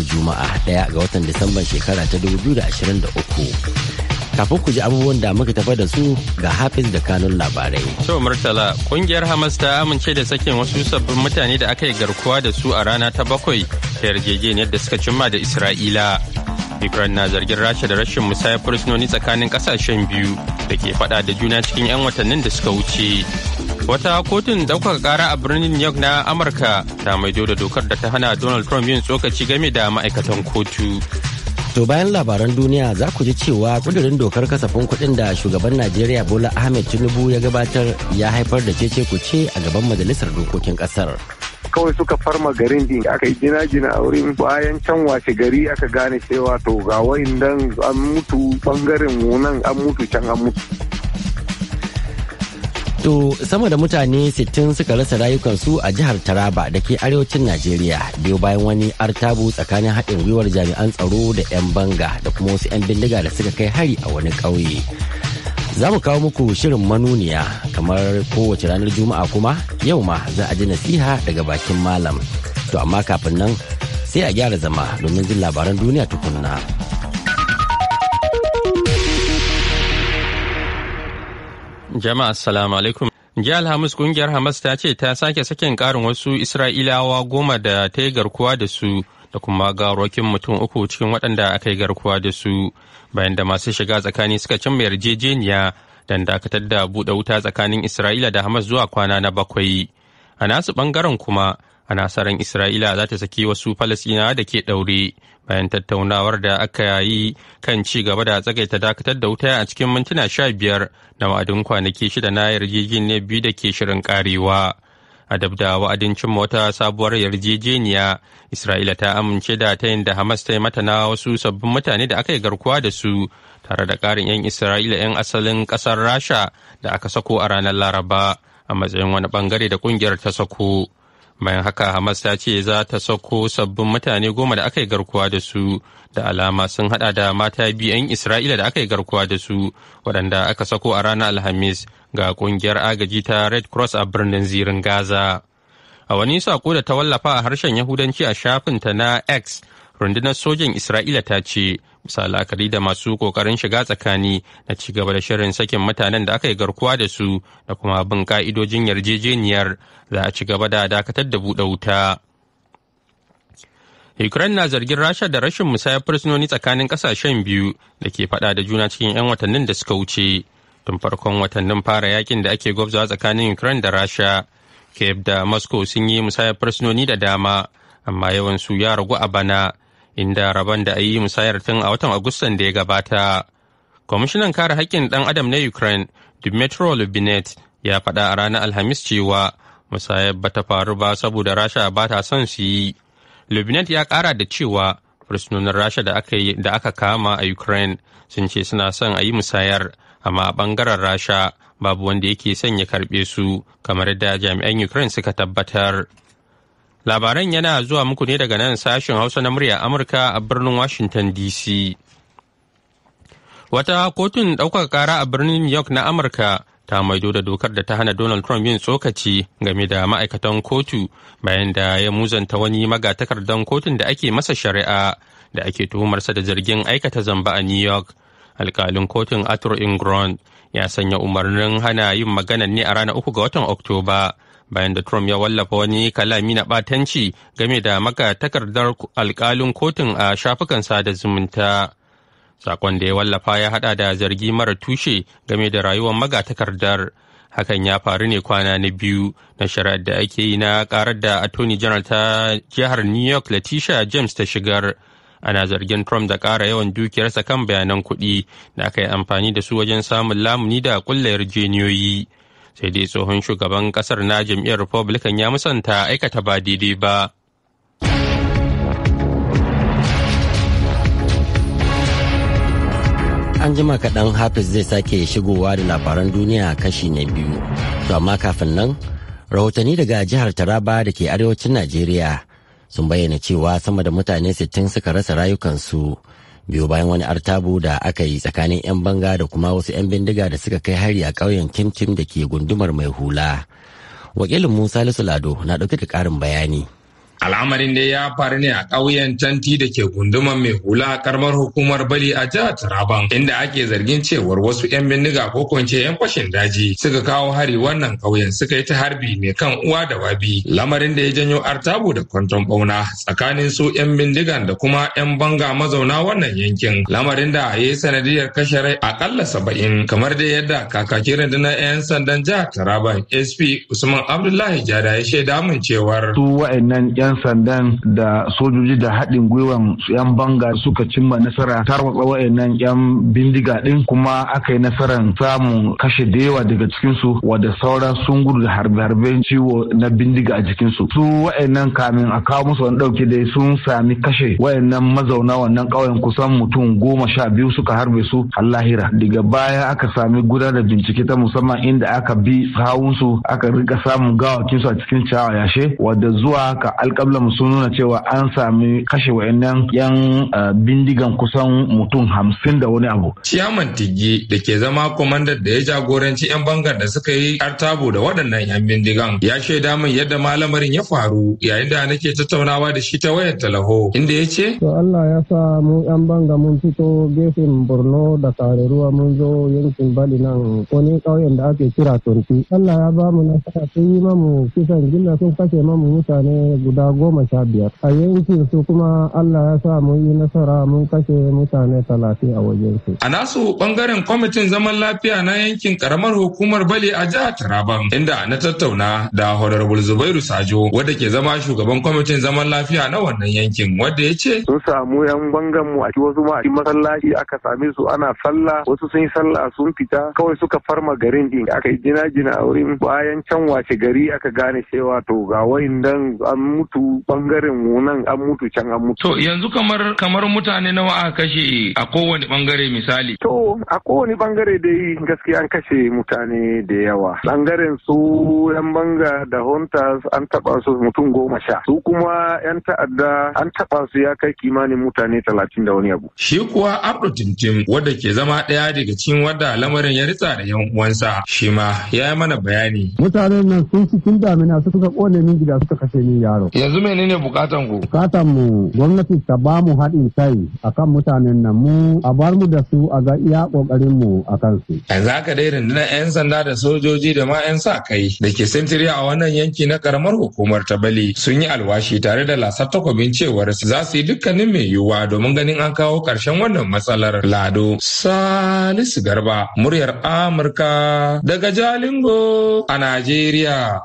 ranar Juma'a ɗaya ga watan Disamban shekara ta 2023. Kafin ku ji abubuwan da muka tafa da su ga Hafiz da kanun labarai. To Murtala, kungiyar Hamas ta amince da sakin wasu sabbin mutane da aka yi garkuwa da su a rana ta bakwai ta yarjejeniyar da suka cimma da Isra'ila. Ukraine na zargin Rasha da rashin musayar fursunoni tsakanin kasashen biyu da ke fada da juna cikin 'yan watannin da suka wuce. Wata kotun Ɗaukaka kara a birnin New York na Amurka ta maido da dokar da ta hana Donald Trump yin tsokaci game da ma'aikatan kotu. To bayan labaran duniya za ku ji cewa kudurin dokar kasafin kuɗin da shugaban Najeriya Bola Ahmed Tinubu ya gabatar ya haifar da cece ce a gaban majalisar dokokin ƙasar. kawai suka farma garin din aka yi jina-jina a wurin bayan can wace gari aka gane cewa to ga wayin an mutu bangaren nan an mutu can an mutu. To sama da mutane 60 suka rasa rayukansu a jihar Taraba da ke arewacin Najeriya biyo bayan wani artabu tsakanin haɗin gwiwar jami'an tsaro da 'yan banga da kuma wasu 'yan bindiga da suka kai hari a wani ƙauye. Za mu kawo muku shirin manuniya kamar kowace ranar Juma'a kuma yau ma za a ji nasiha daga bakin malam. To amma kafin nan sai a gyara zama domin jin labaran duniya tukunna. Jama'a assalamu alaikum. Jiya Alhamis kungiyar Hamas ta ce ta sake sakin karin wasu Isra'ilawa goma da ta yi garkuwa da su da kuma garokin mutum uku cikin waɗanda aka yi garkuwa da su bayan da masu shiga tsakani suka cimma yarjejeniya don dakatar da buɗe wuta tsakanin Isra'ila da Hamas zuwa kwana na bakwai. A nasu ɓangaren kuma A nasarar isra'ila za ta saki wasu falasina da ke ɗaure bayan tattaunawar da aka yi kan ci gaba da tsagaita dakatar da wuta a cikin mintuna sha biyar na wa'adin kwanaki shida na yarjejeniyar biyu da ke shirin karewa a dab da wa'adin cimma wata sabuwar yarjejeniya isra'ila ta amince da ta yin da hamas ta yi mata na wasu sabbin mutane da aka yi garkuwa da su tare da ƙarin 'yan isra'ila 'yan asalin ƙasar rasha da aka sako a ranar laraba a matsayin wani bangare da ƙungiyar ta sako bayan haka hamas ta ce za ta sako sabbin mutane goma da aka yi garkuwa da su da alama sun hada da mata biyu 'yan isra'ila da aka yi garkuwa da su waɗanda aka sako a ranar alhamis ga kungiyar agaji ta red cross a birnin zirin gaza a wani sako da ta wallafa a harshen yahudanci a shafinta na x rundunar sojan isra'ila ta ce bisa la'akari da masu kokarin shiga tsakani na cigaba da shirin sakin mutanen da aka yi garkuwa da su da kuma bin ka'idojin yarjejeniyar za a ci gaba da dakatar da buɗe wuta ukraine na zargin rasha da rashin musayar fursunoni tsakanin kasashen biyu da ke faɗa da juna cikin 'yan watannin da suka wuce tun farkon watannin fara yakin da ake gwabzawa tsakanin ukraine da rasha kiev da moscow sun yi musayar fursunoni da dama amma yawansu ya ragu a bana inda rabon da ayi musayar tun a watan Agustan da ya gabata. Kwamishinan kare haƙƙin ɗan adam na Ukraine, Dmitry Lubinet, ya faɗa a ranar Alhamis cewa musayar ba ta faru ba saboda Rasha ba ta son su yi. Lubinet ya ƙara da cewa fursunonin Rasha da aka, da aka kama a Ukraine sun ce suna son a yi musayar, amma a ɓangaren Rasha babu wanda yake son ya karɓe su kamar yadda jami'an Ukraine suka tabbatar. Labaran yana zuwa muku ne daga nan sashen Hausa na murya Amurka a birnin Washington DC. Wata kotun ɗaukar ƙara a birnin New York na Amurka ta maido da dokar da ta hana Donald Trump yin tsokaci game da ma'aikatan kotu bayan da ya muzanta wani magatakardan kotun da ake masa shari'a da ake tuhumarsa da jirgin aikata zamba a New York. Alkalin kotun Arthur Ingram ya sanya umarnin hana yin magana ne a ranar uku ga watan Oktoba. bayan da Trump ya wallafa wani kalami na batanci game da maka takardar alkalin kotun a shafukan sada zumunta. Sakon da ya wallafa ya hada da zargi mara tushe game da rayuwar maga takardar Hakan ya faru ne kwana na biyu na shari'ar da ake yi na karar da Attorney General ta jihar New York latisha James ta shigar. Ana zargin Trump da ƙara yawan dukiyarsa kan bayanan kuɗi da aka yi amfani da su wajen samun lamuni da ƙulla yarjeniyoyi. sai dai tsohon shugaban kasar na jam'iyyar republican ya musanta aikata ba daidai ba an jima kaɗan hafiz zai sake shigowa da labaran duniya kashi na biyu to amma kafin nan rahotanni daga jihar taraba da ke arewacin najeriya sun bayyana cewa sama da mutane 60 suka rasa rayukansu Biyo bayan wani artabu da aka yi tsakanin 'yan banga da kuma wasu 'yan bindiga da suka kai hari a ƙauyen kimkim da ke gundumar mai hula wakilin musa lado na ɗauke da ƙarin bayani Al'amarin da ya faru ne a ƙauyen Tanti da ke gunduman mai hula a karamar hukumar Bali a jihar Taraban inda ake zargin cewar wasu 'yan bindiga ko kwance 'yan fashin daji suka kawo hari wannan ƙauyen suka yi ta harbi mai kan uwa da wabi. Lamarin da ya janyo artabu da kwanton bauna tsakanin su 'yan bindigan da kuma 'yan banga mazauna wannan yankin. Lamarin da ya yi sanadiyar kashe rai akalla saba'in kamar da yadda kakakin rundunar 'yan sandan jihar Taraban SP Usman Abdullahi Jada ya shaida min cewar. Su wa'annan 'yan 'yan sandan da sojoji da haɗin gwiwan 'yan banga suka cimma nasara tarwatsa wa'annan 'yan bindiga din kuma aka yi nasarar samun kashe da yawa daga cikinsu wadda sauran sun gudu da harbe-harben ciwo na bindiga a jikinsu su wa'annan kamin a kawo musu wani ɗauki dai sun sami kashe wa'annan mazauna wannan ƙauyen kusan mutum goma sha biyu suka harbe su allahira daga baya aka sami gudanar da bincike ta musamman inda aka bi sahunsu aka rika samun gawakinsu a cikin ciyawa yashe wadda zuwa ka alka mu sun nuna cewa an sami kashe wayannan yan eh, bindigan kusan mutum hamsin da wani abu. Ciyaman Tigi da ke zama kwamandan da ya jagoranci 'yan bangar da suka yi artabo da waɗannan 'yan bindigan ya shaida min yadda malamarin ya faru yayin da nake tattaunawa da shi ta wayar talaho inda ya ce. To Allah ya sa mu 'yan banga mun fito gefen Borno da ruwa mun zo yankin Bali nan wani ƙauyen da ake kira Tonti. Allah ya ba mu nasara sun yi mamu kisan gilla sun kashe mamu mutane guda goma sha biyar a yankin su kuma allah ya sa mun yi nasara mun kashe mutane talatin a wajen su a nasu bangaren kwamitin zaman lafiya na yankin karamar hukumar bale a jihar taraban inda na tattauna da honorable zubairu sajo wadda ke zama shugaban kwamitin zaman lafiya na wannan yankin wadda ya ce sun samu yan bangan mu a wasu ma a masallaci aka sami su ana sallah wasu sun yi sallah sun fita kawai suka farma garin din aka yi jina-jina a wurin bayan can wace gari aka gane cewa to ga wayin an mutu wasu bangaren wunan an mutu can an mutu. To yanzu kamar kamar mutane nawa aka kashe a kowane bangare misali. To a kowane bangare dai gaskiya an kashe mutane da yawa. Bangaren su yan banga da hunters an taba su mutum goma sha. Su kuma yan ta'adda an taba su ya kai kimanin mutane talatin da wani abu. Shi kuwa Abdu Timtim wadda ke zama ɗaya daga cikin wadda lamarin ya ritsa da yan uwansa shi ma ya yi mana bayani. Mutanen nan sun cikin damina suka kone min gida suka kashe min yaro. yanzu menene bukatan ku bukatan mu gwamnati ta ba mu haɗin kai kan mutanen nan mu a bar mu da su a ga iya kokarin mu akan su yanzu haka dai rundunar yan sanda da sojoji da ma yan sa kai da ke sintiri a wannan yanki na karamar hukumar ta bali sun yi alwashi tare da lasar takobin cewar za su yi dukkanin mai yiwuwa domin ganin an kawo ƙarshen wannan matsalar lado salisu garba muryar amurka daga jalingo a najeriya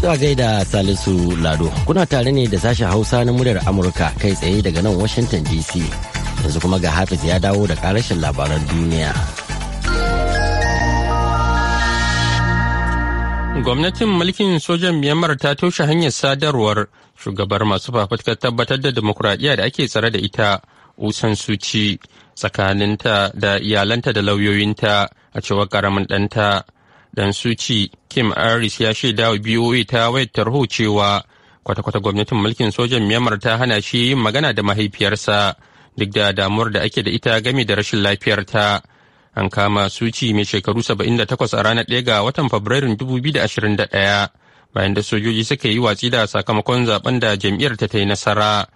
Zuwa gaida Salisu Lado, kuna tare ne da sashen Hausa na muryar Amurka kai tsaye daga nan Washington DC. Yanzu kuma ga Hafiz ya dawo da karashin labaran duniya. Gwamnatin mulkin sojan Myanmar ta toshe hanyar sadarwar shugabar masu fafutukar tabbatar da demokuraɗiyya da ake tsare da ita Usan Suci tsakaninta da iyalanta da lauyoyinta a cewar ƙaramin ɗanta. Dan Suci Kim Aris ya shaida wa BOA ta wayar tarho cewa kwata-kwata gwamnatin mulkin sojan Myanmar ta hana shi yin magana da mahaifiyarsa duk da damuwar da ake da ita game da rashin lafiyarta. An kama Suci mai shekaru 78 a ranar ɗaya ga watan Fabrairun ɗaya bayan da sojoji suka yi watsi da sakamakon zaben da jam'iyyar ta yi nasara.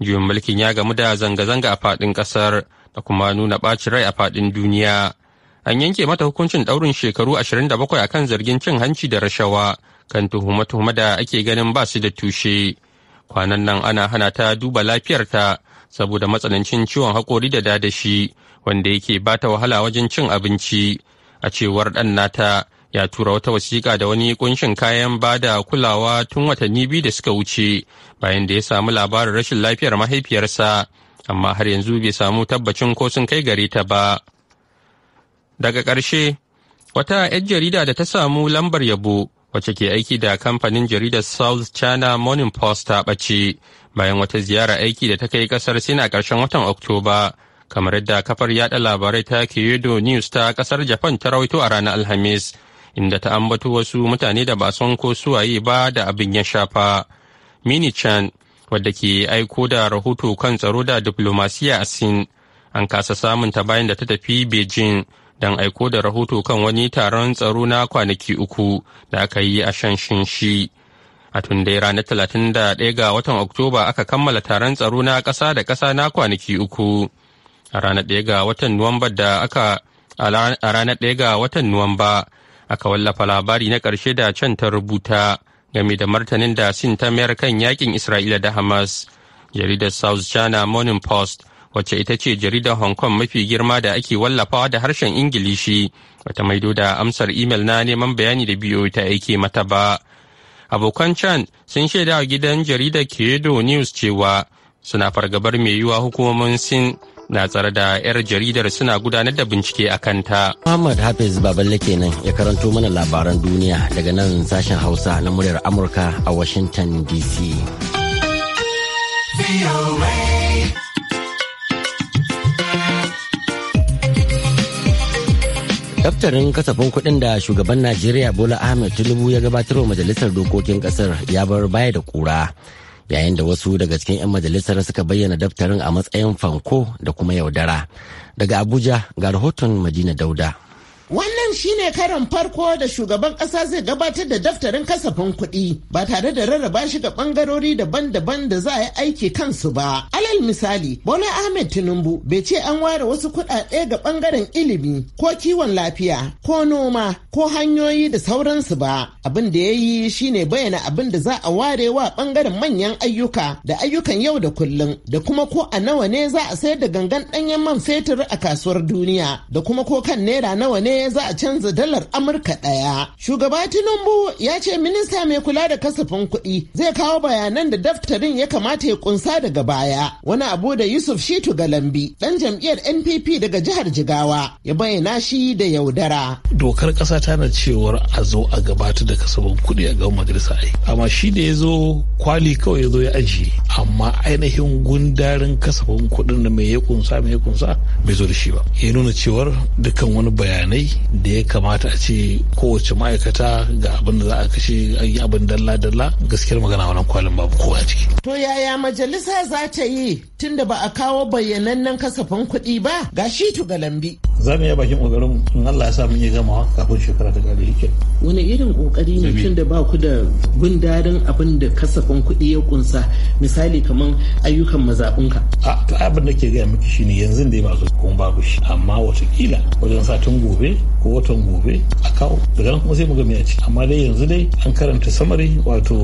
Juyin mulkin ya gamu da zanga-zanga a faɗin ƙasar da kuma nuna ɓacin rai a faɗin duniya. an yanke mata hukuncin ɗaurin shekaru 27 akan zargin cin hanci da rashawa kan tuhume-tuhume da ake ganin ba su da tushe. Kwanan nan ana hana ta duba lafiyarta saboda matsanancin ciwon haƙori da dadashi wanda yake ba ta wahala wajen cin abinci. A cewar ɗan nata ya tura wata wasiƙa da wani ƙunshin kayan ba da kulawa tun watanni biyu da suka wuce bayan da ya samu labarin rashin lafiyar mahaifiyarsa amma har yanzu bai samu tabbacin ko sun kai gare ta ba. Daga ƙarshe, wata 'yar jarida da ta samu lambar yabo wacce ke aiki da kamfanin jaridar South China Morning Post ta ɓace bayan wata ziyara aiki da ta kai ƙasar sina ƙarshen watan Oktoba. Kamar yadda kafar yada labarai ta Kyodo News ta ƙasar Japan ta rawaito a ranar Alhamis, inda ta ambato wasu mutane da ba son ko suwaye ba da abin ya shafa. Mini Chan, wadda ke aiko da rahoto kan tsaro da diplomasiya a Sin, an kasa samun ta bayan da ta tafi Beijing. don aiko da rahoto kan wani taron tsaro na kwanaki uku da aka yi a shanshinshi shi. A tun dai ranar 31 ga watan Oktoba aka kammala taron tsaro na ƙasa da kasa na kwanaki uku. A ranar 1 ga watan Nuwamba da aka a ranar 1 ga watan Nuwamba aka wallafa labari na ƙarshe da can ta rubuta game da martanin da Sin ta mayar kan yakin Isra'ila da Hamas. Jaridar South China Morning Post wacce ita ce jaridar Hong Kong mafi girma da ake wallafawa da harshen Ingilishi, wata maido da amsar imel na neman bayani da biyo ta aike mata ba. Abokan Chan sun shaida wa gidan jaridar Kedo News cewa suna fargabar mai yiwuwa hukumomin Sin na tsare da 'yar jaridar suna gudanar da bincike a kanta. Muhammad Hafiz Baballe kenan ya karanto mana labaran duniya daga nan sashen Hausa na muryar Amurka a Washington DC. Daftarin kasafin kuɗin da shugaban Najeriya Bola Ahmed Tinubu ya gabatar wa majalisar dokokin ƙasar ya bar baya da ƙura. Yayin da wasu daga cikin 'yan majalisar suka bayyana daftarin a matsayin fanko da kuma yaudara. Daga Abuja ga rahoton Madina Dauda. shine karon farko da shugaban ƙasa zai gabatar da daftarin kasafin kuɗi ba tare da rarraba shi ga ɓangarori daban-daban da za a yi aiki kansu ba. Alal misali, Bola Ahmed Tinubu bai ce an ware wasu kuɗaɗe ga ɓangaren ilimi ko kiwon lafiya ko noma ko hanyoyi da sauransu ba. Abin da ya yi shine bayyana abin da za a ware wa ɓangaren manyan ayyuka da ayyukan yau da kullum da kuma ko a nawa ne za a sayar da gangan ɗanyen man fetur a kasuwar duniya da kuma ko kan naira nawa ne za a canza dalar Amurka ɗaya. Shugaba Tinubu ya ce minista mai kula da kasafin kuɗi zai kawo bayanan da daftarin ya kamata ya kunsa daga baya. Wani abu da Yusuf Shitu Galambi dan jam'iyyar NPP daga jihar Jigawa ya bayyana shi da yaudara. Dokar ƙasa tana cewar a zo a gabatar da kasafin kuɗi a gaban majalisa ai. Amma shi da ya zo kwali kawai ya zo ya ajiye amma ainihin gundarin kasafin kuɗin da mai ya kunsa mai ya kunsa bai zo da shi ba. Ya nuna cewar dukkan wani bayanai da ya kamata a ce kowace ma'aikata ga abin da za a kashe an yi abin dalla-dalla gaskiyar magana wannan kwalin babu kowa ciki. To yaya majalisa za ta yi tun da ba a kawo bayyanannen kasafin kuɗi ba ga shi lambi. za mu yi bakin ƙoƙarin in Allah ya sa mun yi gamawa kafin shekara ta gari shi wani irin ƙoƙari ne tun da ba ku da bin dadin abin da kasafin kuɗi ya kunsa misali kamar ayyukan mazaɓunka. a ta abin da ke gaya miki ne yanzu da ba su kun babu shi amma watakila wajen satin gobe ko watan gobe a kawo daga kuma sai mu ga me amma dai yanzu dai an karanta samari wato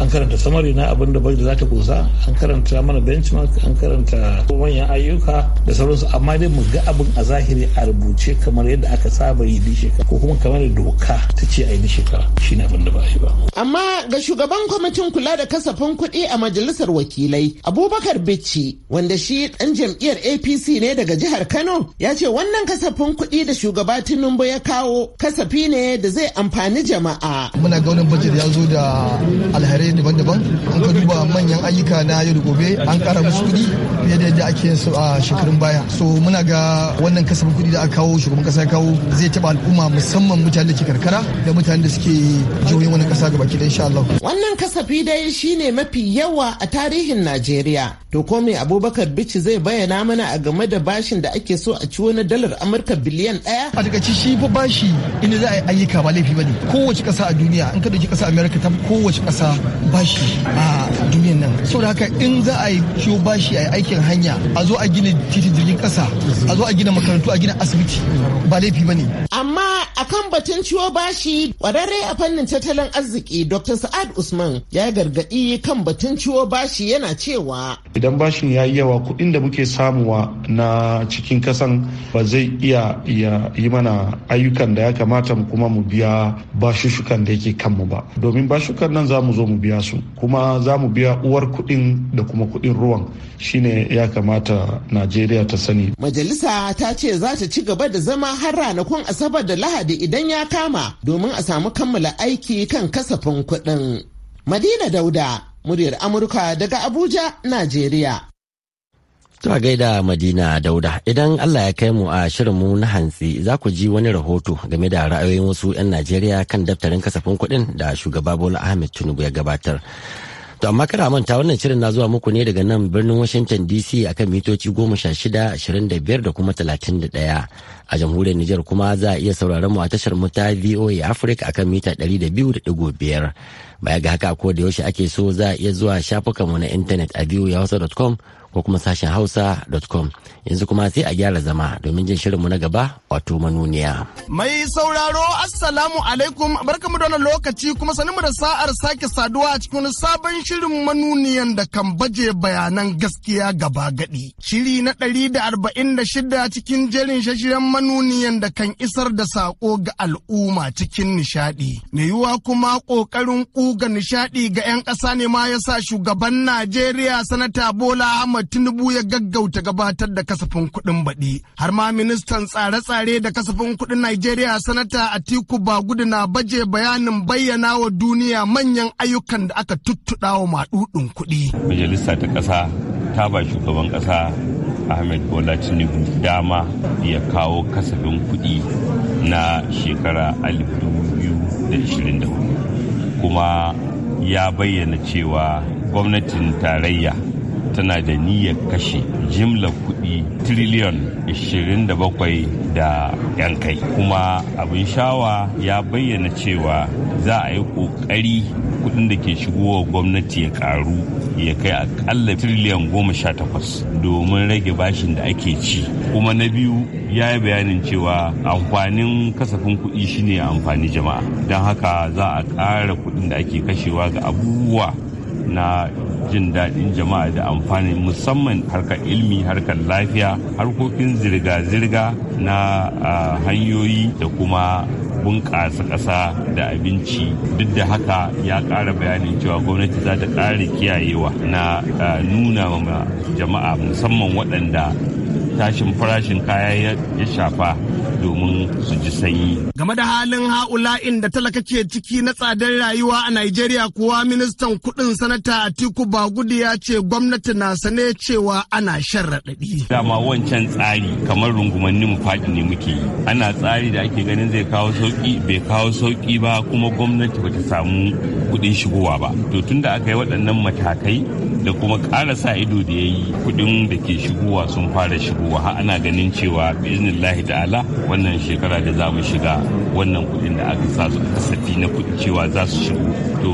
an karanta samari na abin da bai da za ta kunsa an karanta mana benchmark sun karanta manyan ayyuka da sauransu amma dai mu ga abin a zahiri a rubuce kamar yadda aka saba yi duk shekara ko kuma kamar doka ta ce a yi duk shekara ne abin da ba shi ba. Amma ga shugaban kwamitin kula da kasafin kuɗi a majalisar wakilai Abubakar Bichi wanda shi ɗan jam'iyyar APC ne daga jihar Kano ya ce wannan kasafin kuɗi da shugaba Tinubu ya kawo kasafi ne da zai amfani jama'a. Muna ga wani bajet ya zo da alharai daban-daban an ka duba manyan ayyuka na yau da gobe an kara musu kuɗi fiye da yadda ake su a shekarun baya so muna ga wannan kasafin kuɗi da aka kawo shugaban kasa ya kawo zai taɓa al'umma musamman mutane da ke karkara da mutane da suke jihohin wani kasa gaba ki da insha Allah wannan kasafi dai shine mafi yawa a tarihin Najeriya To ko me Abubakar Bichi zai bayyana mana a game da bashin da ake so a ciwo na dalar Amurka biliyan ɗaya? A daga ci shi fa bashi inda za a yi ayyuka ba laifi ba ne. Kowace ƙasa a duniya in ka dauki ƙasa Amerika ta kowace ƙasa bashi a duniyan nan. Saboda haka in za a yi ciwo bashi a yi aikin hanya a zo a gina titin jirgin ƙasa a zo a gina makarantu a gina asibiti ba laifi ba ne. Amma a kan batun ciwo bashi kwararre a fannin tattalin arziki Dr. Sa'ad Usman ya gargaɗi kan batun ciwo bashi yana cewa idan bashin ya yi yawa kuɗin da muke samuwa na cikin kasan ba zai iya yi mana ayyukan da ya kamata mu kuma mu biya bashushukan da yake kanmu ba domin bashukan nan za mu zo mu biya su kuma za mu biya uwar kuɗin da kuma kuɗin ruwan shine ya kamata najeriya ta sani majalisa ta ce za ta ci gaba da zama har ranakun asabar da lahadi idan ya kama domin a samu kammala aiki kan kasafin kuɗin madina dauda muryar Amurka daga Abuja, Najeriya. a gaida Madina Dauda, idan Allah ya kai mu a shirinmu na hantsi za ku ji wani rahoto game da ra'ayoyin wasu 'yan Najeriya kan daftarin kasafin kuɗin da shugaba Bola Ahmed Tinubu ya gabatar. To amma kada manta wannan shirin na zuwa muku ne daga nan birnin Washington DC akan mitoci goma sha shida ashirin da biyar da kuma talatin da ɗaya. A jamhuriyar Nijar kuma za a iya sauraron mu a tashar mu ta VOA Africa akan mita ɗari da biyu da ɗigo biyar. baya ga haka ko da yaushe ake so za a iya zuwa shafukanmu na intanet a biyu yahusa.com ko kuma sashen hausa.com yanzu kuma sai a gyara zama domin jin shirinmu na gaba wato manuniya. Mai sauraro assalamu alaikum barkamu da wannan lokaci kuma mu da sa'ar sake saduwa a cikin sabon shirin manuniyan da kan baje bayanan gaskiya gaba gadi. Shiri na ɗari da arba'in da shida cikin jerin shashiren manuniyan da kan isar da sako ga al'umma cikin nishaɗi. Me yiwuwa kuma ƙoƙarin ku ga nishaɗi ga 'yan ƙasa ne ma ya sa shugaban Najeriya sanata Bola Ahmad Tinubu ya gaggauta gabatar da kasafin kuɗin baɗi. Har ma ministan tsare-tsare da kasafin kuɗin Najeriya sanata Atiku Bagudu na baje bayanin bayyana wa duniya manyan ayyukan da aka tuttuɗa wa maɗuɗin kuɗi. Majalisa ta ƙasa ta ba shugaban ƙasa Ahmed Bola Tinubu dama ya kawo kasafin kuɗi na shekara 2024. kuma ya bayyana cewa gwamnatin tarayya tana da niyyar kashe jimla kuɗi tiriliyon 27 da 'yan kai kuma abin shawa ya bayyana cewa za a yi ƙoƙari kuɗin da ke shigowa gwamnati ya ƙaru ya kai akalla tiriliyan goma sha takwas domin rage bashin da ake ci kuma na biyu ya yi bayanin cewa amfanin kasafin kuɗi shine amfani jama'a don haka za a ƙara kuɗin da ake kashewa ga abubuwa na jin daɗin jama'a da amfani musamman harkar ilmi harkar lafiya harkokin zirga-zirga na ah, hanyoyi da kuma bunƙasa ƙasa da abinci duk da haka ya ƙara bayanin cewa gwamnati za ta ƙara kiyayewa na eh, nuna ma jama'a musamman waɗanda tashin farashin kaya ya shafa domin su ji sanyi. Game da halin ha'ula'in da talaka ke ciki na tsadar rayuwa a Najeriya kuwa ministan kudin sanata Atiku Bagudu ya ce gwamnati na sane cewa ana shan raɗaɗi. Dama wancan tsari kamar rungumannin faɗi ne muke yi. Ana tsari da ake ganin zai kawo sauƙi bai kawo sauƙi ba kuma gwamnati bata samu kuɗin shigowa ba. To tunda aka yi waɗannan matakai da kuma ƙara sa ido da ya yi kuɗin da ke shigowa sun fara shigo. wa ana ganin cewa lahi ta'ala wannan shekara da za mu shiga wannan kudin da aka sa su kasafi na kudin cewa za su shigo to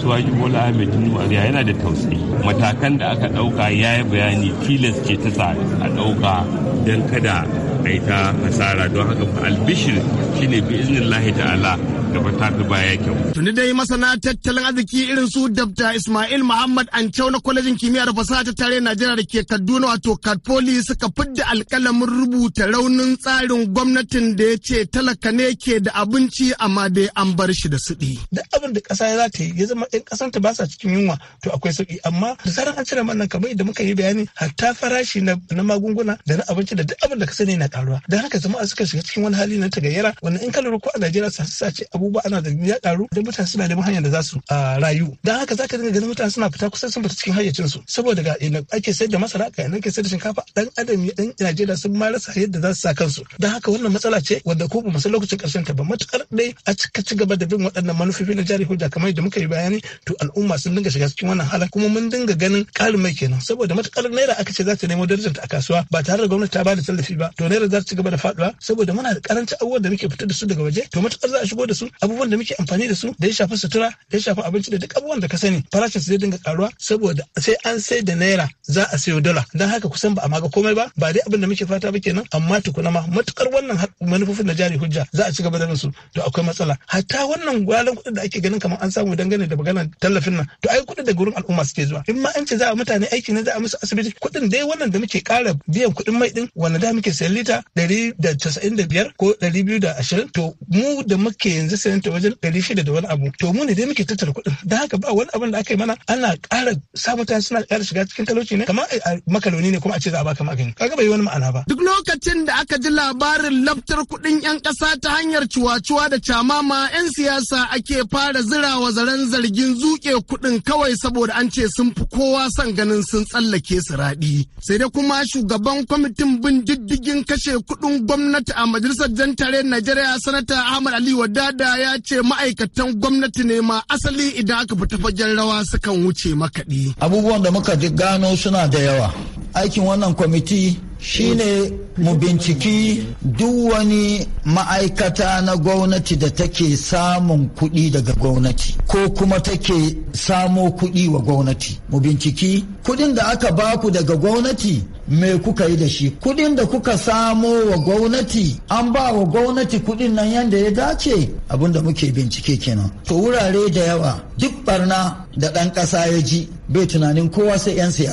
suwaji bola ahmed ya yana da tausayi matakan da aka dauka ya yi bayani tilas ke ta sa a dauka don kada a yi ta hasara don haka albishir shine bi iznillahi ta'ala gaba ta ba baya kyau. Tuni dai masana tattalin arziki irin su Dabta Ismail Muhammad ancau na kwalejin kimiyya da fasaha ta tare Najeriya da ke Kaduna wato Katfoli suka fidda alkalamin rubuta raunin tsarin gwamnatin da ya ce talaka ne ke da abinci amma dai an bar shi da suɗi. da abin da ƙasa za ta yi ya zama ɗan ƙasar ta ba sa cikin yunwa to akwai sauƙi amma da zarar an cire mana kamar yadda muka yi bayani hatta farashi na magunguna da na abinci da duk abin da ka sani na ƙaruwa. da haka jama'a suka shiga cikin wani hali na tagayyara wani in ka lura ko a Najeriya sa ce abubuwa ana da ya karu da mutane suna neman hanyar da za su rayu dan haka zaka dinga ganin mutane suna fita kusan sun fita cikin hayyacin su saboda ga ina ake sayar da masara ga ina ake sayar da shinkafa dan adam ya dan Najeriya sun ma rasa yadda za su sa kansu dan haka wannan matsala ce wanda ko ba san lokacin karshen ta ba matukar dai a cika ci gaba da bin waɗannan manufofi na jari hujja kamar yadda muka yi bayani to al'umma sun dinga shiga cikin wannan halin kuma mun dinga ganin ƙarin mai kenan saboda matukar naira aka ce za ta nemo darajar ta a kasuwa ba tare da gwamnati ta ba da tallafi ba to naira za ta ci gaba da faduwa saboda muna da karanci abubuwan da muke fita da su daga waje to matukar za a shigo da su abubuwan da muke amfani da su da ya shafi sutura da ya shafi abinci da duk abubuwan da ka sani farashin su zai dinga karuwa saboda sai an sai da naira za a sayo dala don haka kusan ba a maga komai ba ba dai abin da muke fata ba kenan amma tukuna ma matukar wannan manufofin na jari hujja za a ci gaba da su to akwai matsala hatta wannan gwalan kuɗin da ake ganin kamar an samu dangane da maganar tallafin nan to ai kuɗin da gurin al'umma suke zuwa in ma an ce za a mutane aiki ne za a musu asibiti kuɗin dai wannan da muke ƙara biyan kuɗin mai ɗin wanda da muke sayan lita ɗari da casa'in da biyar ko ɗari biyu da ashirin to mu da muke yanzu sayan ta wajen ɗari shida da wani abu to mu ne dai muke tattara kuɗin da haka ba wani abin da aka yi mana ana ƙara sa mutane suna ƙara shiga cikin talauci ne kama a makaloni ne kuma a ce za a baka magani kaga bai wani ma'ana ba duk lokacin da aka ji labarin laftar kuɗin yan ƙasa ta hanyar cuwa-cuwa da camama yan siyasa ake fara zirawa zaren zargin zuƙe kuɗin kawai saboda an ce sun fi kowa son ganin sun tsallake su raɗi sai dai kuma shugaban kwamitin bin diddigin kashe kuɗin gwamnati a majalisar jantare Najeriya sanata Ahmad Ali Wadada Dauda ya ce ma'aikatan gwamnati ne ma asali idan aka fita fagen rawa sukan wuce makaɗi. Abubuwan da muka gano suna da yawa. Aikin wannan kwamiti shine mu binciki duk wani ma'aikata na gwamnati da take samun kuɗi daga gwamnati ko kuma take samo kuɗi wa gwamnati mu binciki kuɗin da aka baku daga gwamnati me kuka yi da shi kuɗin da kuka samo wa gwamnati an ba wa gwamnati kuɗin nan yadda ya dace abinda muke bincike kenan to wurare da yawa duk barna da ɗan ƙasa ya ji bai tunanin kowa sai 'yan siyasa